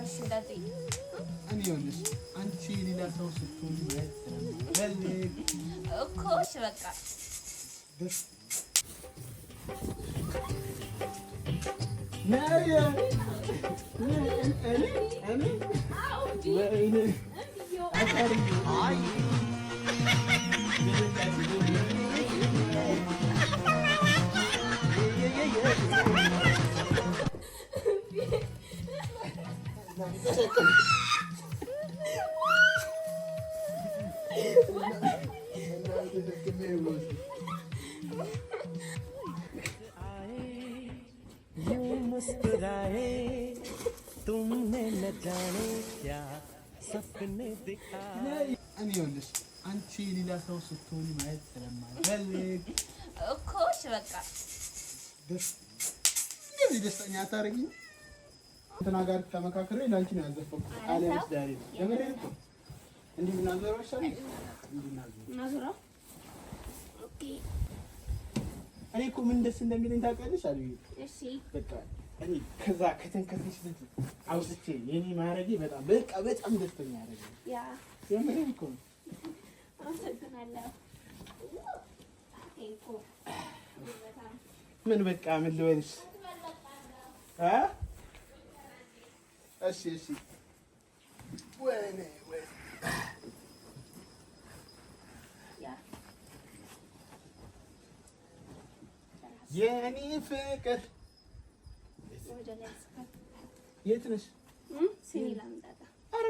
görüşünde değil. Hani görüyorsun? Hani şeyliler sana soktuğunu ve belli. Koş bakalım. Dur. Nereye? Emin, emin. Ve emin. Ay. Ay. እኔ ይኸውልሽ አንቺ ሌላ ሰው ስትሆን ማየት ስለማልፈልግ እኮ እሺ፣ በቃ እንደዚህ ደስተኛ አታደርጊኝ። እንትና ጋር ተመካክሬ ለአንቺ ነው ያዘፈኩት። አለምሽ ዳሪ ለምሬ እኮ እንዲህ ብናዞረው ይሻላል። እንዲናዞረው እኔ እኮ ምን ደስ እንደሚለኝ ታውቂያለሽ? አሉ በቃ ከዛ ከተንከተሽነት አውጥቼ የኔ ማረጌ በጣም በቃ በጣም ደስተኛ ያደረገ የምሬን እኮ ነው። ምን በቃ ምን ልበልሽ? እሺ እሺ፣ ወይኔ ወይ የኔ ፍቅር የት ነሽ? ኧረ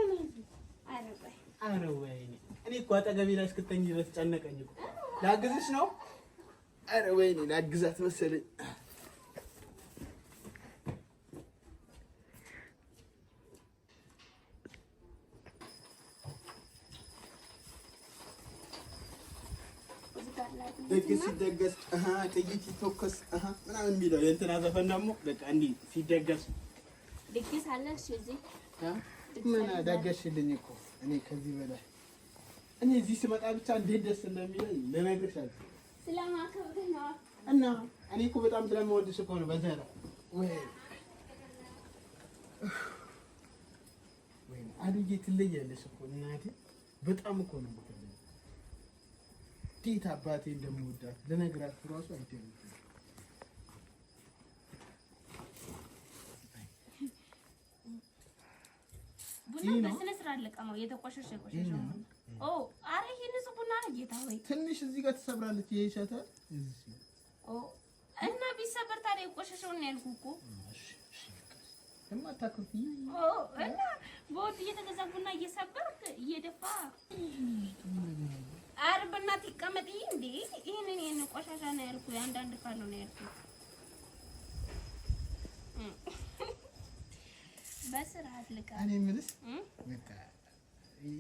ወይኔ እኔ እኮ አጠገቤ ላይ እስክትተኝ ድረስ ጨነቀኝ እኮ። ላግዝሽ ነው? ኧረ ወይኔ ላግዛት መሰለኝ ድግስ ሲደገስ ጥይት ሲተኮስ ምናምን የሚለው የእንትና ዘፈን ደግሞ በቃ እንዲህ ሲደገስ ድግስ አለ። ምን ደገሽልኝ እኮ እኔ ከዚህ በላይ እኔ እዚህ ስመጣ ብቻ እንዴት ደስ እንደሚለኝ ልነግርሽ ስለማከብርህ ነው እና እኔ እኮ በጣም ስለምወድሽ እኮ ነው። በዛ ወይ ወይ ትለያለሽ እኮ እናቴ፣ በጣም እኮ ነው የምትለኝ እንዴት አባቴ እንደምወዳት ለነገራት ራሱ አይደለም። ቡና በስነ ስርዓት ለቀመው የተቆሸሸ ቆሸሸው። ኦ አረ ይሄ ንጹህ ቡና ነው ጌታ ወይ! ትንሽ እዚህ ጋር ትሰብራለች። ይሄ እዚህ ኦ እና ቢሰበር ታዲያ የቆሸሸው ነው ያልኩህ እኮ የማታከፍኝ። ኦ እና በወድ እየተገዛ ቡና እየሰበርክ እየደፋ አርብ እናት ይቀመጥ እንዴ! ይሄንን ይሄንን ቆሻሻ ነው ያልኩህ። አንዳንድ ካለው ነው ያልኩህ። በስርዓት ልካ እኔ የምልህ በቃ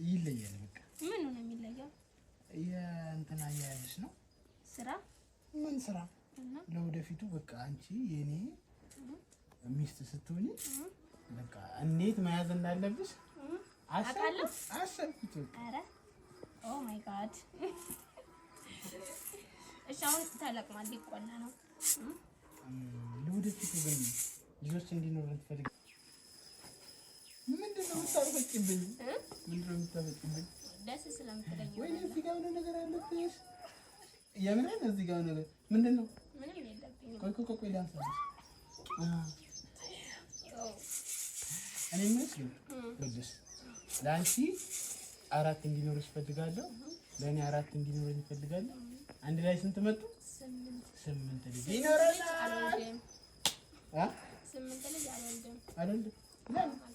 ይለያል። በቃ ምኑ ነው የሚለየው? የእንትና እያያዝሽ ነው ስራ። ምን ስራ? ለወደፊቱ በቃ አንቺ የኔ ሚስት ስትሆኚ በቃ እንዴት መያዝ እንዳለብሽ አሰብኩት። ኦ ማይ ጋድ። እሺ አሁን ተለቅማል፣ ሊቆላ ነው። ግን ልጆች እንዲኖር ትፈልግ ምንድን ነው ምንድን ነው ደስ ስለምትለኝ ወይ እዚህ ጋር ነገር አለብሽ። እዚህ ጋር ነገር ምንድን ነው? ምንም ቆይ ቆይ ቆይ እኔ ለአንቺ አራት እንዲኖርሽ እፈልጋለሁ። ለእኔ አራት እንዲኖር እፈልጋለሁ። አንድ ላይ ስንት መጡ? ስምንት ልጅ ይኖረናል። ስምንት ልጅ አልወልድም። አልወልድም? አልወልድም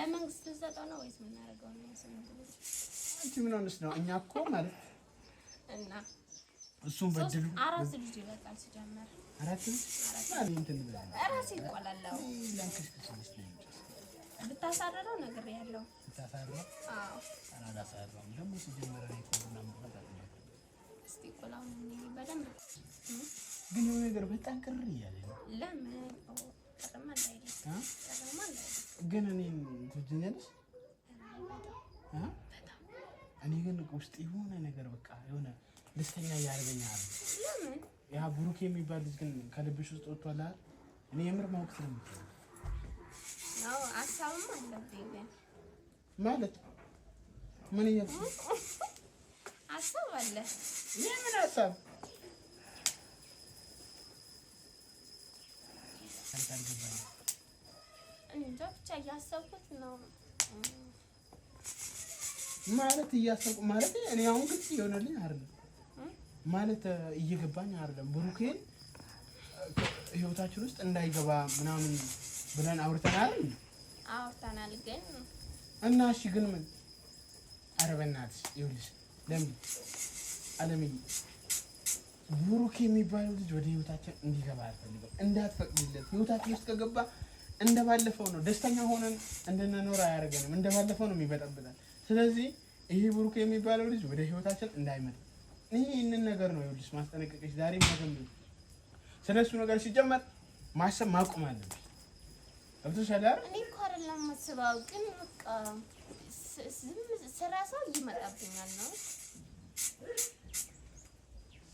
ለመንግስት ነው ወይስ የምናደርገው ስምንት ልጅ አንቺ ምን ሆነሽ ነው? እኛ እኮ ማለት እና እሱም በድሉ አራት ልጅ ይበቃል። ሲጀመር አራት ልጅ አራት ልጅ እንትን ብታሳርረው ነገር ያለው ግን የሆነ ነገር በጣም ቅር እያለ ነው። ለምን ግን ትወጂኛለሽ? እኔ ግን ውስጥ የሆነ ነገር በቃ የሆነ ደስተኛ ለምን ያ ብሩክ የሚባል ልጅ ግን ከልብሽ ውስጥ ወጥቷል እኔ የምር ማወቅ ስለምትል ማለት ምን እያልኩሽ ሀሳብ አለ። የምን ሀሳብ? እንጃ ብቻ እያሰብኩት ነው። ማለት እያሰብኩ ማለት እኔ አሁን ግልጽ እየሆነልኝ አይደለም። ማለት እየገባኝ አይደለም። ብሩኬን ህይወታችን ውስጥ እንዳይገባ ምናምን ብለን አውርተናል አውርተናል። ግን እና እሺ፣ ግን ምን ኧረ ይኸውልሽ፣ ለምን አለምዬ ብሩክ የሚባለው ልጅ ወደ ህይወታችን እንዲገባ አልፈልግም። እንዳትፈቅድለት። ህይወታችን ውስጥ ከገባ እንደባለፈው ነው፣ ደስተኛ ሆነን እንድንኖር አያደርገንም። እንደባለፈው ነው የሚበጠብጠን። ስለዚህ ይሄ ብሩክ የሚባለው ልጅ ወደ ህይወታችን እንዳይመጣ ይህንን ነገር ነው ይኸውልሽ ማስጠነቀቅሽ ዛሬ ማዘም ስለሱ ነገር ሲጀመር ማሰብ ማቆም አለብሽ። ገብቶሻል አይደል? እኔ እኮ አይደለም የምስበው፣ ግን በቃ ስራ ሰው ይመጣብኛል ነው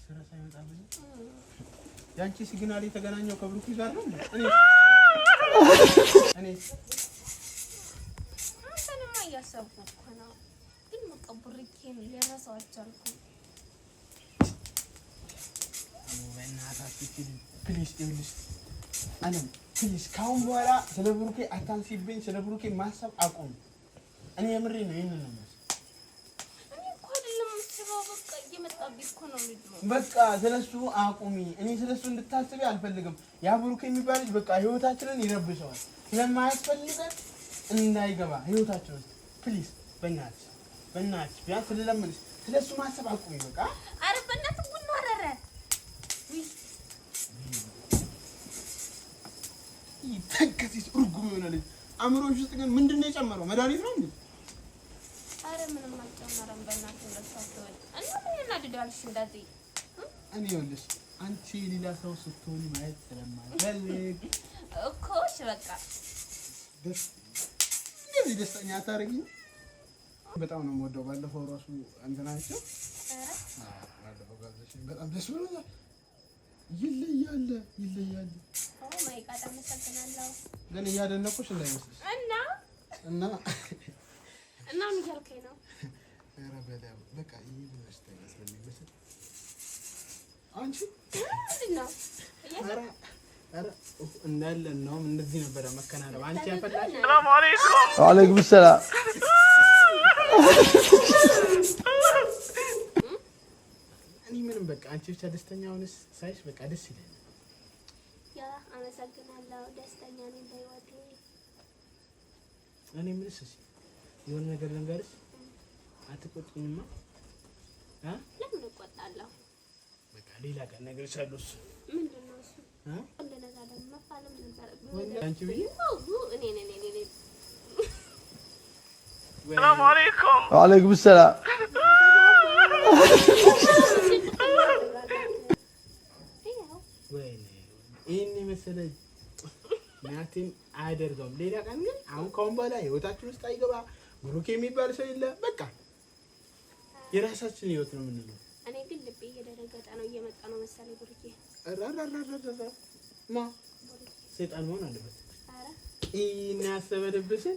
ስራ ሰው ይመጣብኛል። ያንቺ ሲግናል የተገናኘው ከብሩክ ይዛል ነው እኔ እኔ አንተንማ እያሰብኩ እኮ ነው፣ ግን በቃ ብሩኬን ልረሳው አልቻልኩም። በእናታችሁ ፕሊስ ይኸውልሽ አለም ፕሊስ ካሁን በኋላ ስለ ብሩኬ አታንሲብኝ፣ ስለ ብሩኬ ማሰብ አቁም። እኔ የምሬ ነው። ይህንን ነው በቃ ስለሱ አቁሚ። እኔ ስለሱ እንድታስቢ አልፈልግም። ያ ብሩኬ የሚባል ልጅ በቃ ህይወታችንን ይረብሰዋል ስለማያስፈልገን እንዳይገባ ህይወታችን ውስጥ ፕሊዝ፣ በእናትሽ በእናትሽ ቢያንስ ስለለምንሽ ስለሱ ማሰብ አቁሚ በቃ ተንከሴት እርጉም የሆነ ልጅ አእምሮሽ ውስጥ ግን ምንድን ነው የጨመረው? መድኃኒት ነው እንዴ? አረ ምንም አልጨመረም። በእናትህ ለሳስተወል እና ምን አድዳልሽ? እንደዚህ እኔ ይኸውልሽ፣ አንቺ ሌላ ሰው ስትሆን ማየት ስለማልፈልግ እኮ እሺ፣ በቃ ደስ እንደዚህ ደስተኛ ታረጊ። በጣም ነው የምወደው። ባለፈው ራሱ እንትን ባለፈው ጋዜሽ በጣም ደስ ብሎኛል። ይለያል ይለያል። ግን እያደነኩሽ እንዳይመስልሽ እና እና እና ምን እያልከኝ ነው? ኧረ በለው በቃ አንቺ እንዳለ እንደዚህ ነበረ መከናነብ። አንቺ ያፈላሽ። ወአለይኩም ሰላም ስትይ ምንም በቃ አንቺ ብቻ ደስተኛ ሆነሽ ሳይሽ በቃ ደስ ይለኛል። ያ አመሰግናለሁ። ደስተኛ ነኝ በህይወቴ። እኔ የምልሽ እሺ የሆነ ነገር ልንገርሽ፣ አትቆጥኝማ? አ ለምን እቆጣለሁ? በቃ ሌላ ቀን እነግርሻለሁ። እሱ ሰላም አለይኩም። ሰላም እንደዚህ ናቲን አያደርገውም። ሌላ ቀን ግን አሁን ካሁን በኋላ ህይወታችን ውስጥ አይገባ ብሩክ የሚባል ሰው የለ። በቃ የራሳችን ህይወት ነው የምንለው። እኔ ግን ልቤ እየደረገጠ ነው፣ እየመጣ ነው መሰለኝ። ብሩኬ ማ ሰይጣን መሆን አለበት። ይህን ያሰበደብስን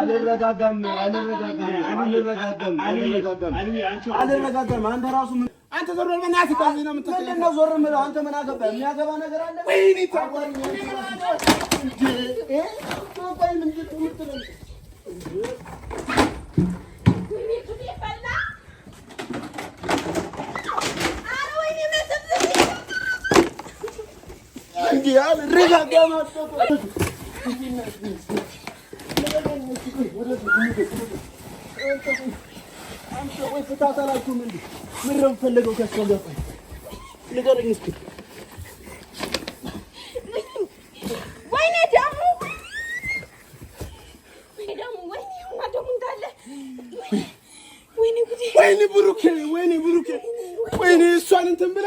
አልረጋጋም አልረጋጋም አንተ ዞር በል በእናትህ። ከዚህ ነው የምትለው። ምንድን ነው ዞር የምለው? አንተ ምን አገባህ? የሚያገባ ነገር አለ? አልረጋጋም ታታላችሁ ምንድን ምን ነው ወይኔ ብሩኬ ወይኔ ብሩኬ ወይኔ እሷን እንትን ብላ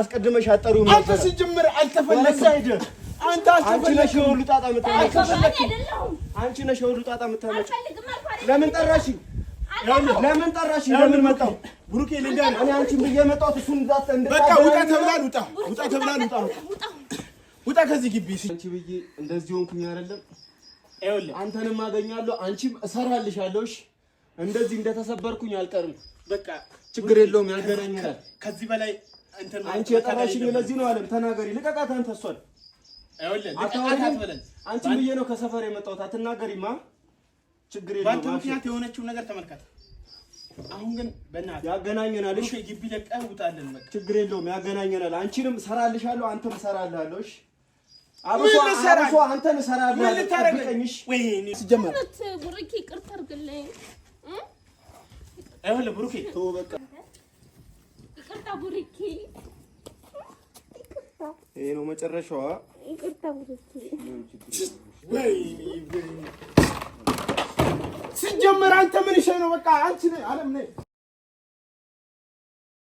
አስቀድመሽ አጠሩ አንተ ሲጀምር አልተፈለግም። አንተ አልተፈለግም። የሁሉ ጣጣ የምታመጪው አንቺ ነሽ። የሁሉ ጣጣ የምታመጪው ለምን ጠራሽ? ለምን ጠራሽ? ለምን መጣሁ? ብሩኬ ልንገርህ፣ እኔ አንቺን ብዬሽ መጣሁት። እሱን በቃ ውጣ ተብላል። ውጣ ውጣ ተብላል። ውጣ ውጣ ከዚህ ግቢ። አንቺ ብዬ እንደዚህ ሆንኩኝ አይደለም። ይኸውልህ አንተንም አገኛለሁ፣ አንቺም እሰራልሻለሁ። እሺ እንደዚህ እንደተሰበርኩኝ አልቀርም። በቃ ችግር የለውም፣ ያገናኘናል ከዚህ በላይ አንቺ የጠራሽኝ ለዚህ ነው አለም ተናገሪ። ልቀቃት አንተ እሷን አንቺ ብዬ ነው ከሰፈር የመጣሁት። አትናገሪማ ችግር የለውም። ምክንያት የሆነችው ነገር ተመልከት አሁን ግን በእናትህ ያገናኘናል። እሺ ግቢ ለቀህ ውጣለን። በቃ ችግር የለውም ያገናኘናል። አንቺንም እሰራልሻለሁ፣ አንተም እሰራልሃለሁ። እሺ አብሶ አንተን እሰራልሃለሁ። ተቀኝሽ ወይ ነው ሲጀመር። ብሩኬ ይቅርታ አድርግልኝ። አይሆን ብሩኬ ተው በቃ ቡርኬ ይሄ ነው መጨረሻዋ። ይቅርታ ቡርኬ። ሲጀመር አንተ ምን ይሻ ነው? በቃ አንቺ አለም ነይ